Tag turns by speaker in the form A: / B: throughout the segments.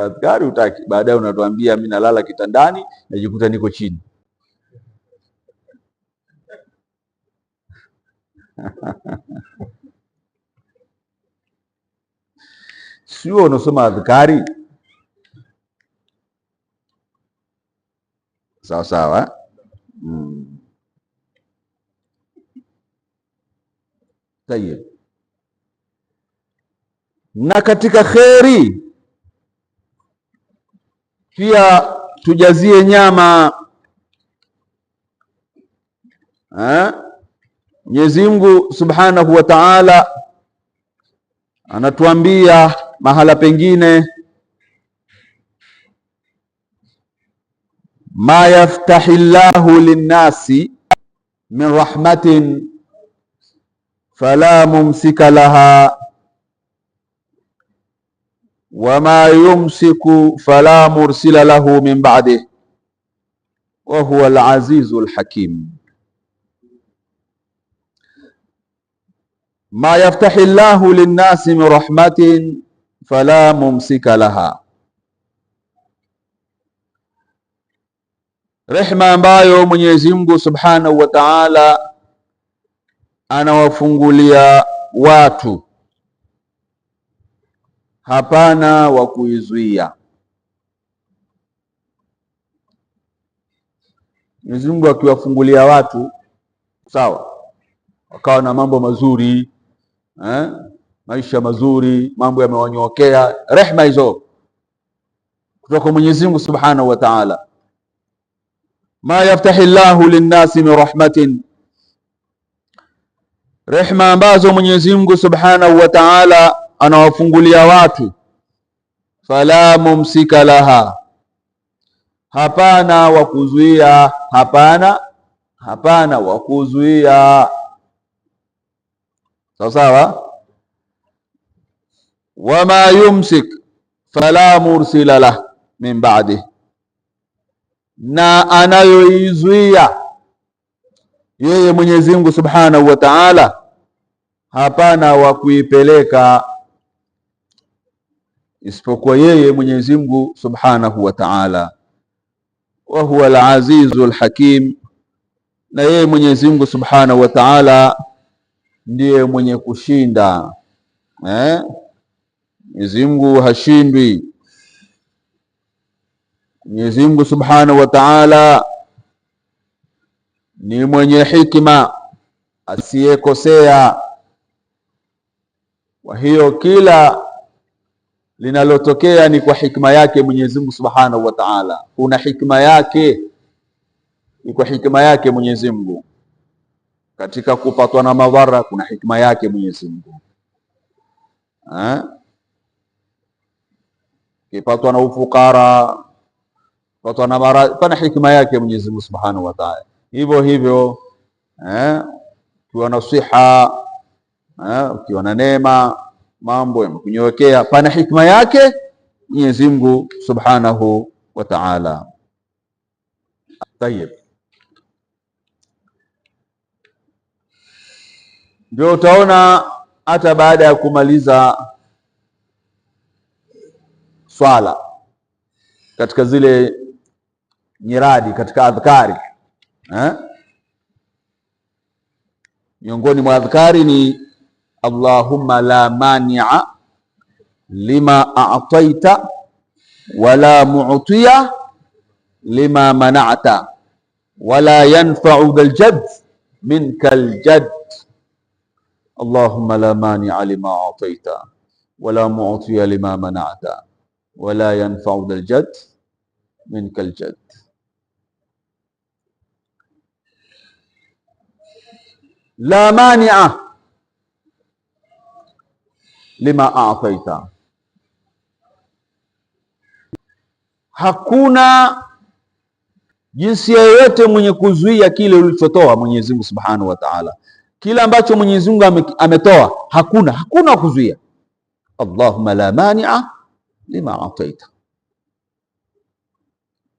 A: adhkari utaki, baadaye unatuambia mimi nalala kitandani najikuta niko chini sio unasoma adhkari sawa sawa mm. na katika kheri pia tujazie nyama. Mwenyezi Mungu Subhanahu wa Ta'ala anatuambia mahala pengine, ma yaftahi llahu linnasi min rahmatin fala mumsika laha wama yumsiku fala mursila lahu min ba'dih wa huwa al-azizu al-hakim. Ma yaftahi llahu linnasi min rahmatin fala mumsika laha, rehma ambayo Mwenyezi Mungu Subhanahu wa Ta'ala anawafungulia watu hapana wa kuizuia. Mwenyezi Mungu akiwafungulia watu sawa, wakawa na mambo mazuri eh, maisha mazuri, mambo yamewanyokea, rehma hizo kutoka kwa Mwenyezi Mungu Subhanahu wa Ta'ala. Ma yaftahi llahu linnasi min rahmatin, rehma ambazo Mwenyezi Mungu Subhanahu wa Ta'ala anawafungulia watu, fala mumsika laha, hapana wa kuzuia, hapana hapana wa kuzuia. Sawa sawa, wama yumsik fala mursila lah min ba'di, na anayoizuia yeye Mwenyezi Mungu Subhanahu wa Ta'ala, hapana wa kuipeleka isipokuwa yeye Mwenyezi Mungu Subhanahu wa Ta'ala. Wa huwa al-Azizul Hakim, na yeye Mwenyezi Mungu Subhanahu wa Ta'ala ndiye mwenye kushinda. Eh, Mwenyezi Mungu hashindwi. Mwenyezi Mungu Subhanahu wa Ta'ala ni mwenye hikima asiyekosea. Kwa hiyo kila linalotokea ni kwa hikma yake Mwenyezi Mungu Subhanahu wa Ta'ala. Kuna hikma yake, ni kwa hikma yake Mwenyezi Mungu. Katika kupatwa na madhara kuna hikma yake Mwenyezi Mungu. Kipatwa na ufukara, patwa na maradhi, pana hikma yake Mwenyezi Mungu Subhanahu wa Ta'ala. Hivyo hivyo, ukiwa na siha, ukiwa na neema mambo yamekunyewekea pana hikma yake Mwenyezi Mungu Subhanahu wa Ta'ala. Tayeb, ndio utaona hata baada ya kumaliza swala katika zile nyiradi katika adhkari eh? miongoni mwa adhkari ni اللهم لا مانع لما اعطيت ولا معطي لما منعت ولا ينفع ذا الجد منك الجد اللهم لا مانع لما اعطيت ولا معطي لما منعت ولا ينفع ذا الجد منك الجد لا مانع lima ataita, hakuna jinsi yoyote mwenye kuzuia kile ulichotoa Mwenyezi Mungu Subhanahu wa Ta'ala. Kile ambacho Mwenyezi Mungu ametoa hakuna hakuna kuzuia. Allahumma la mania lima ataita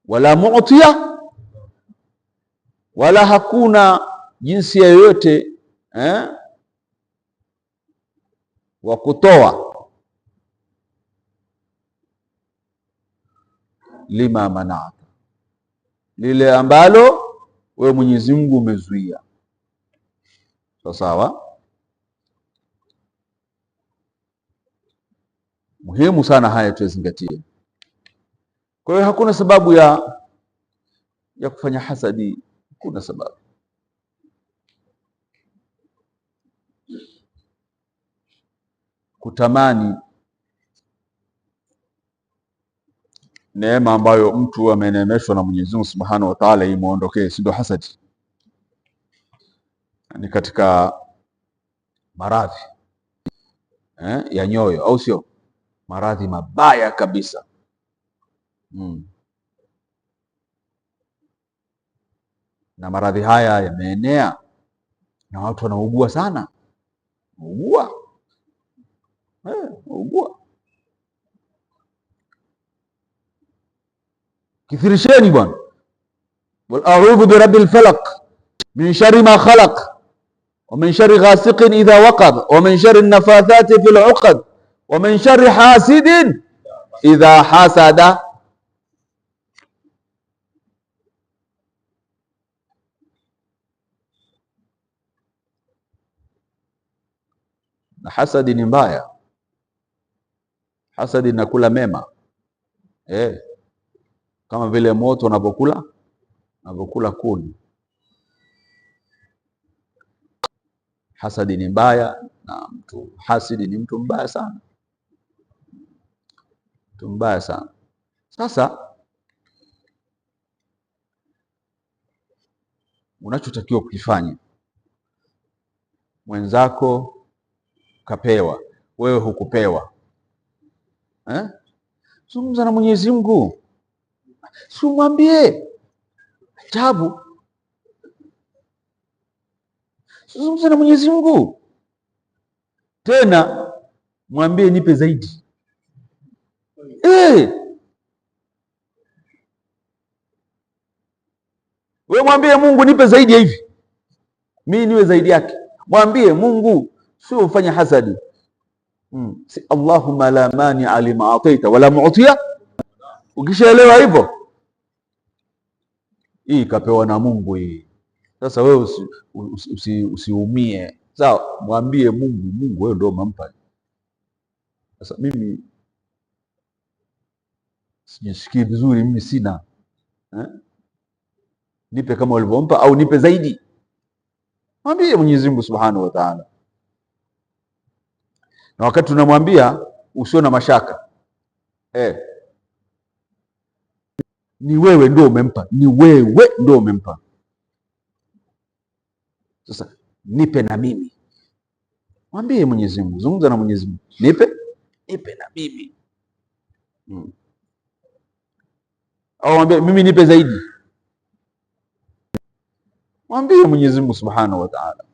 A: wala mu'tiya, wala hakuna jinsi yoyote eh, wa kutoa lima manata, lile ambalo wewe Mwenyezi Mungu umezuia. sawasawa sawa, muhimu sana haya tuyazingatie. Kwa hiyo hakuna sababu ya ya kufanya hasadi, hakuna sababu kutamani neema ambayo mtu ameneemeshwa na Mwenyezi Mungu Subhanahu wa Ta'ala imuondokee, si ndio? Hasadi ni katika maradhi eh, ya nyoyo, au sio? Maradhi mabaya kabisa hmm. Na maradhi haya yameenea na watu wanaugua sana, ugua وقوة كثير شيء يبان قل برب الفلق من شر ما خلق ومن شر غاسق إذا وقب ومن شر النفاثات في العقد ومن شر حاسد إذا حسد حسد مبايا Hasadi inakula mema eh, kama vile moto unapokula unapokula kuni. Hasadi ni mbaya, na mtu hasidi ni mtu mbaya sana, mtu mbaya sana. Sasa unachotakiwa kukifanya, mwenzako kapewa, wewe hukupewa eh? Zungumza na Mwenyezi Mungu, simwambie ajabu. Zungumza na Mwenyezi Mungu, tena mwambie nipe zaidi eh. We mwambie Mungu nipe zaidi ya hivi, mi niwe zaidi yake. Mwambie Mungu, sio ufanye hasadi Hmm. Si Allahumma la mania lima ataita wala mutia. Ukishaelewa hivyo, hii kapewa na Mungu hii. Sasa wewe usiumie, usi, usi, usi sawa, mwambie Mungu, Mungu wewe ndio umempa. Sasa mimi sijisikii vizuri, mimi sina eh? Nipe kama ulivyompa au nipe zaidi, mwambie Mwenyezi Mungu Subhanahu wa Ta'ala na wakati tunamwambia usio na mashaka eh, ni wewe ndio umempa, ni wewe ndio umempa. Sasa nipe na mimi, mwambie Mwenyezi Mungu, zungumza na Mwenyezi Mungu, nipe nipe na mimi hmm. Au mwambie mimi nipe zaidi, mwambie Mwenyezi Mungu Subhanahu wa Ta'ala.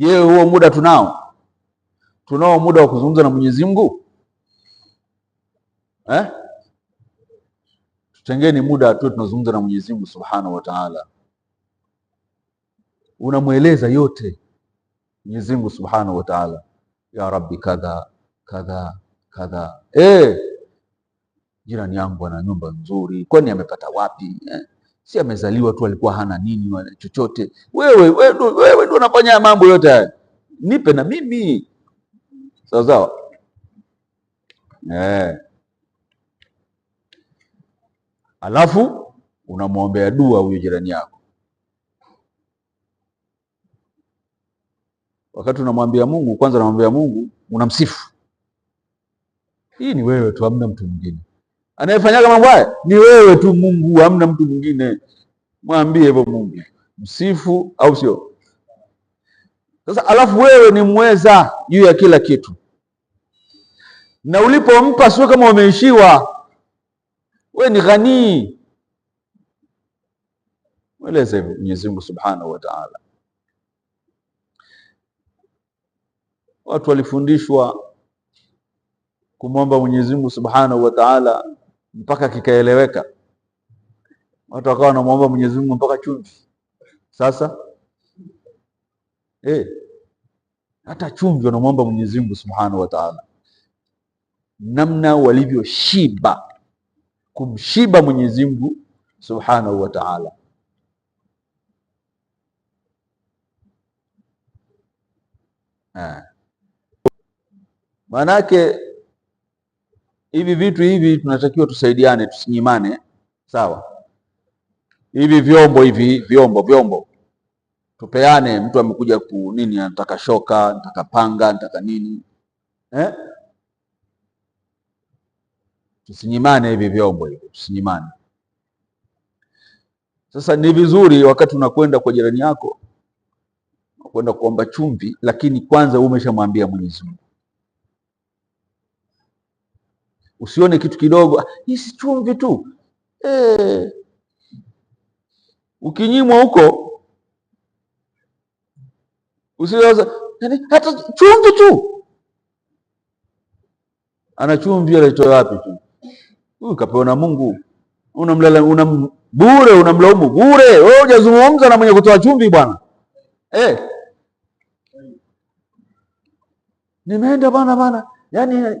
A: Je, huo muda tunao? Tunao muda wa kuzungumza na Mwenyezi Mungu eh? Tutengeni muda tu tunazungumza na Mwenyezi Mungu Subhanahu wa Ta'ala, unamweleza yote Mwenyezi Mungu Subhanahu wa Ta'ala, ya Rabbi kadha kadha kadha. Eh, jirani yangu ana nyumba nzuri, kwani amepata wapi eh? si amezaliwa tu alikuwa hana nini wala chochote. Wewe wewe wewe ndio unafanya mambo yote haya, nipe na mimi sawa sawa. Eh, alafu unamwombea dua huyo jirani yako, wakati unamwambia Mungu, kwanza unamwambia Mungu, unamsifu. Hii ni wewe tu, hamna mtu mwingine anayefanyaga mambo haya ni wewe tu Mungu, hamna mtu mwingine. Mwambie hivyo Mungu, msifu au sio? Sasa alafu wewe ni mweza juu ya kila kitu, na ulipompa sio kama umeishiwa. We ni ghanii, mweleze hivyo Mwenyezi Mungu Subhanahu wa Ta'ala. Watu walifundishwa kumwomba Mwenyezi Mungu Subhanahu wa Ta'ala mpaka kikaeleweka, watu wakawa wanamwomba Mwenyezi Mungu mpaka chumvi. Sasa eh, hata chumvi wanamwomba Mwenyezi Mungu Subhanahu wa Ta'ala, namna walivyoshiba kumshiba Mwenyezi Mungu Subhanahu wa Ta'ala. Eh. Maanake hivi vitu hivi tunatakiwa tusaidiane, tusinyimane, sawa? Hivi vyombo hivi vyombo vyombo tupeane. Mtu amekuja ku nini, anataka shoka, anataka panga, anataka nini eh? Tusinyimane hivi vyombo hivi, tusinyimane. Sasa ni vizuri wakati unakwenda kwa jirani yako unakwenda kuomba chumvi, lakini kwanza umeshamwambia Mwenyezi Mungu Usione kitu kidogo, hii si chumvi tu e. Ukinyimwa huko usiweza yaani, hata chumvi tu, ana chumvi alaitoa wapi? Tu huyu kapewa na Mungu, unamlala unam bure, unamlaumu bure. Wewe hujazungumza na mwenye kutoa chumvi bwana eh. Nimeenda bana bana, yani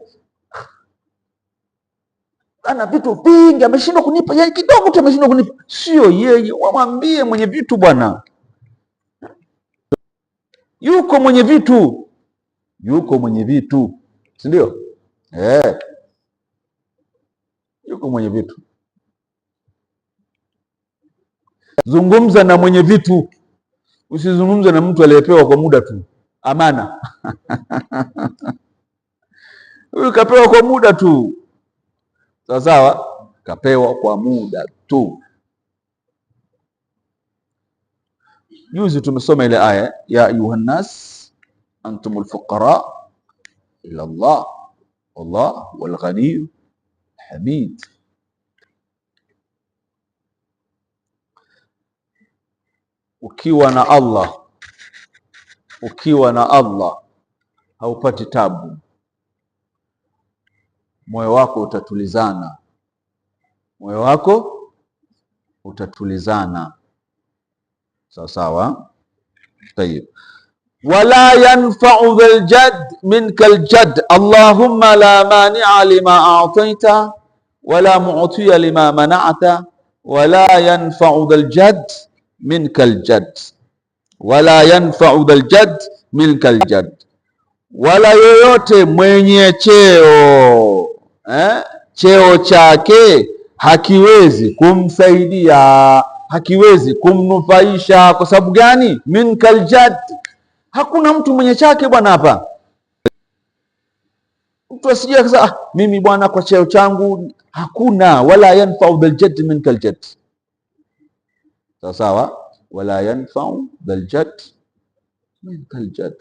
A: ana vitu vingi, ameshindwa kunipa yeye, kidogo tu ameshindwa kunipa. Sio yeye, wamwambie mwenye vitu bwana. Yuko mwenye vitu, yuko mwenye vitu, si ndio? Eh, yuko mwenye vitu. Zungumza na mwenye vitu, usizungumze na mtu aliyepewa kwa muda tu amana. Huyu kapewa kwa muda tu. Sawasawa, kapewa kwa muda tu. Juzi tumesoma ile aya ya ayuhannas antum lfuqara ila Allah wallahu wal hamid. Ukiwa na Allah, ukiwa na Allah haupati tabu moyo wako utatulizana, moyo wako utatulizana sawa sawa. Tayib, wala yanfa'u dhal jadd minka al allahumma la mani'a lima a'taita wala mu'tiya lima mana'ta wala yanfa'u dhal jadd minka al wala yanfa'u dhal minka al wala yoyote mwenye cheo eh, cheo chake hakiwezi kumsaidia, hakiwezi kumnufaisha. Kwa sababu gani? min kaljad, hakuna mtu mwenye chake bwana. Hapa mtu asije akasema ah, mimi bwana kwa cheo changu hakuna. wala yanfau biljad min kaljad, sawa sawa, wala yanfau biljad min kaljad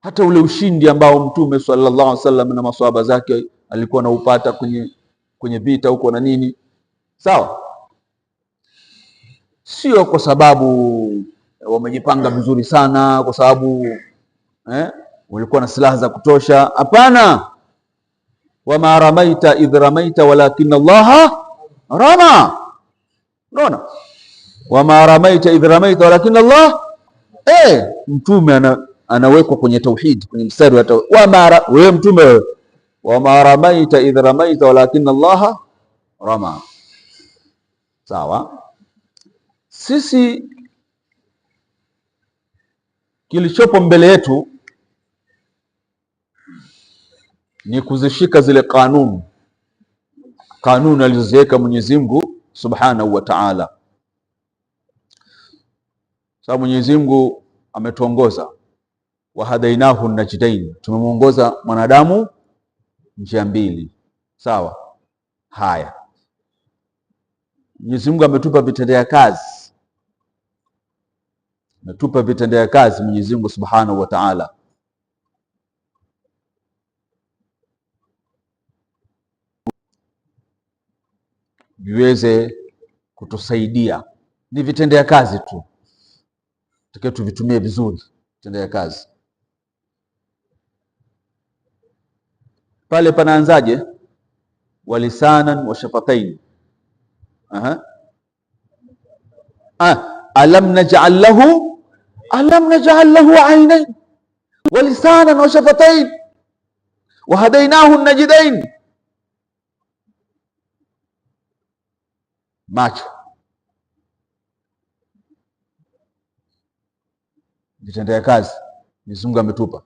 A: hata ule ushindi ambao Mtume sallallahu alaihi wasallam na maswahaba zake alikuwa anaupata kwenye kwenye vita huko na nini, sawa, sio kwa sababu wamejipanga vizuri sana, kwa sababu eh, walikuwa na silaha za kutosha. Hapana, wama ramaita idh ramaita walakin Allaha rama. Unaona, wama ramaita idh ramaita walakin Allah eh, mtume ana anawekwa kwenye tauhid kwenye mstari wa tauhid. mara wewe mtume wewe, mara maita idh ramaita walakin Allah rama. Sawa, sisi kilichopo mbele yetu ni kuzishika zile kanuni, kanuni alizoziweka Mwenyezi Mungu subhanahu wa Ta'ala, sababu Mwenyezi Mungu ametuongoza wahadainahu najdain, tumemwongoza mwanadamu njia mbili. Sawa. Haya, Mwenyezi Mungu ametupa vitendea kazi, ametupa vitendea kazi Mwenyezi Mungu Subhanahu wa Ta'ala. viweze kutusaidia, ni vitendea kazi tu, takiwa tuvitumie vizuri vitendea kazi. pale panaanzaje? walisanan wa shafatain. Aha. Ah, alam naj'al lahu alam naj'al lahu aynayn wa lisanan wa shafatain wa hadainahu najidain macho vitendea kazi mizungu ametupa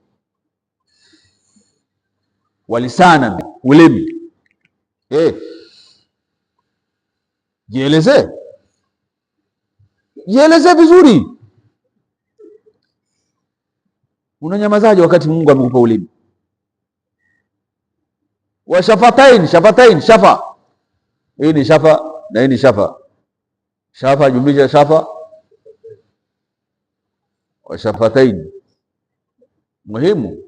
A: walisana ulimi eh, jieleze jieleze vizuri. Unanyamazaje wakati Mungu amekupa ulimi? wa shafatain shafatain, shafa hii ni shafa na hii ni shafa shafa, jumlisha shafa wa shafatain, muhimu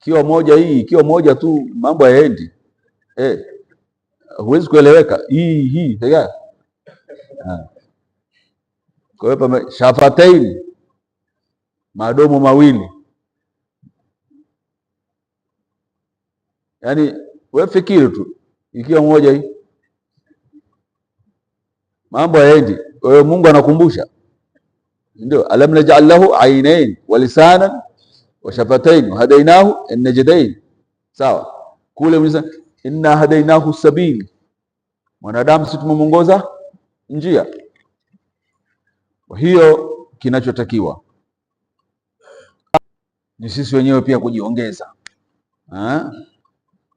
A: ikiwa moja hii, ikiwa moja tu mambo yaendi eh, huwezi kueleweka hii hii tega ah. Kwa hiyo shafatain, madomo mawili yaani we fikiri tu, ikiwa moja hii mambo yaendi. Kwa hiyo Mungu anakumbusha, ndio alam naj'al lahu ainain wa lisanan washafataini wahadainahu najdain. Sawa, kule unasema inna hadainahu sabili, mwanadamu si tumemwongoza njia. Kwa hiyo kinachotakiwa ni sisi wenyewe pia kujiongeza ha?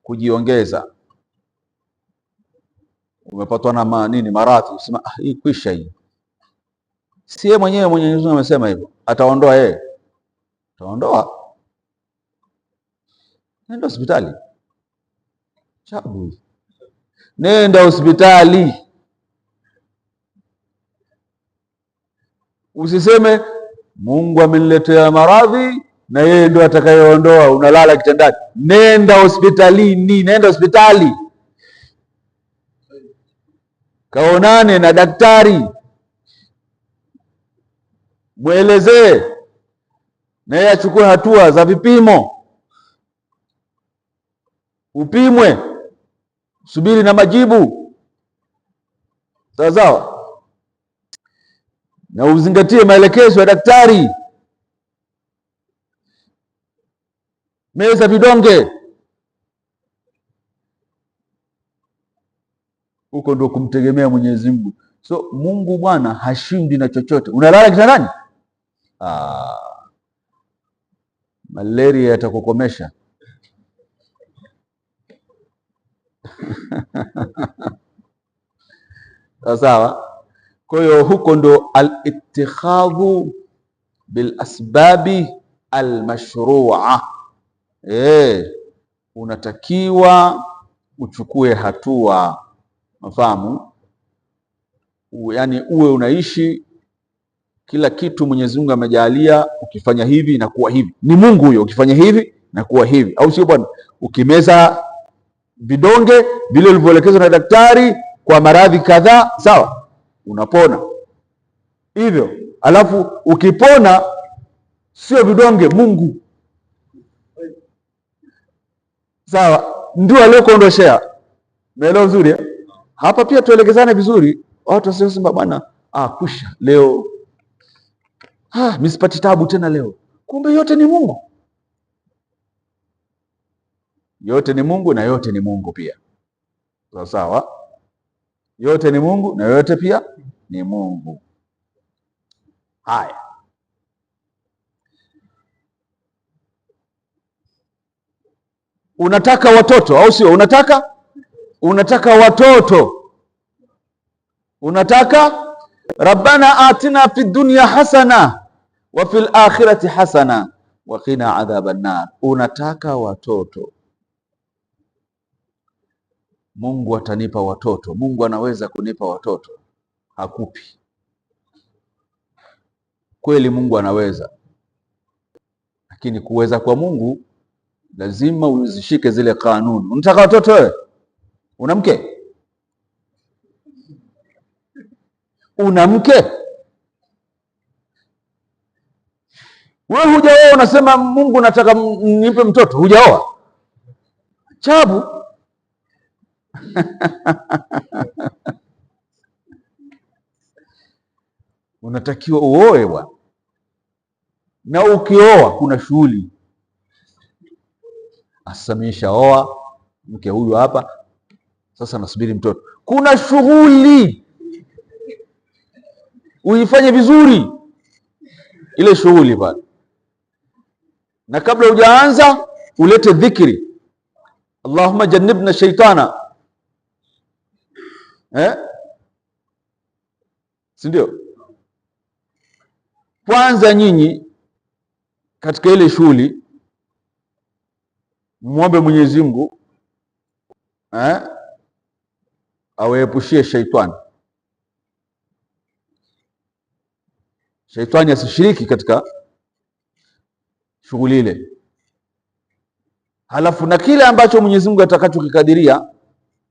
A: Kujiongeza. Umepatwa na ma, nini maradhi, sema ah, hii kwisha hii. Sie mwenyewe Mwenyezi Mungu amesema hivyo, ataondoa yeye Utaondoa, nenda hospitali. Chabu, nenda hospitali, usiseme Mungu ameniletea maradhi na yeye ndo atakayeondoa. Unalala kitandani, nenda hospitalini, nenda hospitali kaonane na daktari, mwelezee na yeye achukue hatua za vipimo, upimwe, subiri na majibu sawa sawa, na uzingatie maelekezo ya daktari. Meza vidonge huko ndio kumtegemea Mwenyezi Mungu. So Mungu Bwana hashindi na chochote. Unalala kitandani? Ah malaria yatakukomesha. Sawa. Kwa hiyo huko ndo alittikhadhu bilasbabi almashrua. Eh, unatakiwa uchukue hatua, mafahamu, yaani uwe unaishi kila kitu Mwenyezi Mungu amejalia, ukifanya hivi na kuwa hivi. Ni Mungu huyo, ukifanya hivi na kuwa hivi, au sio bwana? Ukimeza vidonge vile ulivyoelekezwa na daktari kwa maradhi kadhaa, sawa, unapona hivyo. Alafu ukipona sio vidonge, Mungu sawa, ndio aliyokuondoshea. Umeelewa vizuri eh? hapa? Pia tuelekezane vizuri, watu wasiosema bwana, ah, kusha leo ah, misipati tabu tena leo. Kumbe yote ni Mungu, yote ni Mungu na yote ni Mungu pia. Sawa sawa, yote ni Mungu na yote pia ni Mungu. Haya, unataka watoto au sio? Unataka unataka watoto, unataka rabbana atina fi dunya hasana wa fil akhirati hasana wa qina adhaban nar. Unataka watoto, Mungu atanipa watoto. Mungu anaweza kunipa watoto, hakupi kweli. Mungu anaweza, lakini kuweza kwa Mungu lazima uzishike zile kanuni. Unataka watoto wewe, una mke, una mke Wewe hujaoa unasema Mungu nataka nipe mtoto, hujaoa chabu unatakiwa uoe bwana, na ukioa kuna shughuli asamisha, oa mke huyu hapa sasa, nasubiri mtoto. Kuna shughuli uifanye vizuri ile shughuli pale na kabla hujaanza ulete dhikri, Allahumma jannibna shaitana eh? si ndio? Kwanza nyinyi katika ile shughuli muombe Mwenyezi Mungu eh? awaepushie shaitani, shaitani asishiriki katika shughuli ile, halafu na kile ambacho Mwenyezi Mungu atakachokikadiria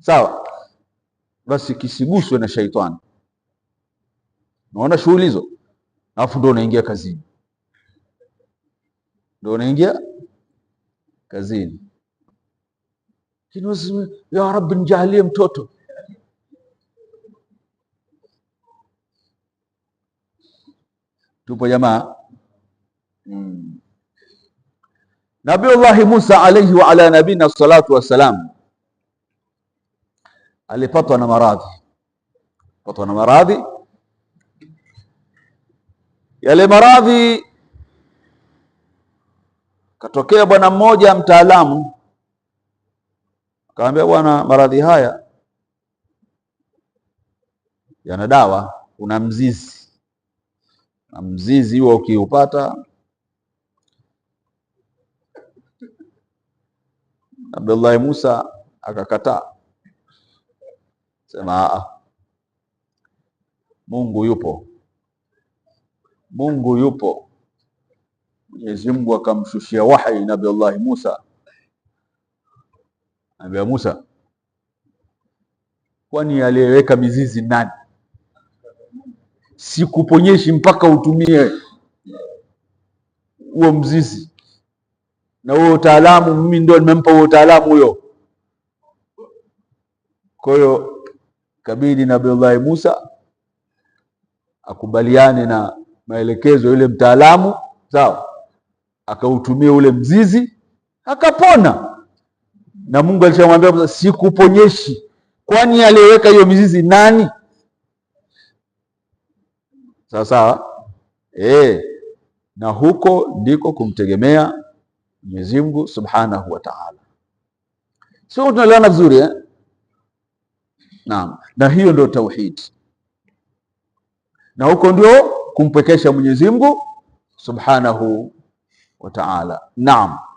A: sawa, basi kisiguswe na shaitani. Unaona shughuli hizo, alafu ndio unaingia kazini, ndio unaingia kazini. Ya Rabbi, nijalie mtoto tupo jamaa, hmm. Nabiullahi Musa alayhi wa ala nabina salatu wassalam alipatwa na maradhi, patwa na maradhi. Yale maradhi, katokea bwana mmoja mtaalamu akamwambia, bwana, maradhi haya yana dawa, kuna mzizi na mzizi huo ukiupata Abdullahi Musa akakataa, sema a, Mungu yupo, Mungu yupo. Mwenyezi Mungu akamshushia wahi Nabii Allah Musa, Nabii Musa, kwani aliyeweka mizizi nani? Sikuponyeshi mpaka utumie huo mzizi na huo utaalamu mimi ndio nimempa huo utaalamu huyo. Kwa hiyo kabidi na Abdullahi Musa akubaliane na maelekezo yule mtaalamu, sawa, akautumia ule mzizi akapona. Na Mungu alishamwambia Musa, sikuponyeshi. Kwani aliyeweka hiyo mizizi nani? Sawa sawa, eh, na huko ndiko kumtegemea Mwenyezi Mungu Subhanahu wa Ta'ala. Sio tunaelewana vizuri eh? Naam. Na hiyo ndio tauhid. Na huko ndio kumpwekesha Mwenyezi Mungu Subhanahu wa Ta'ala. Naam.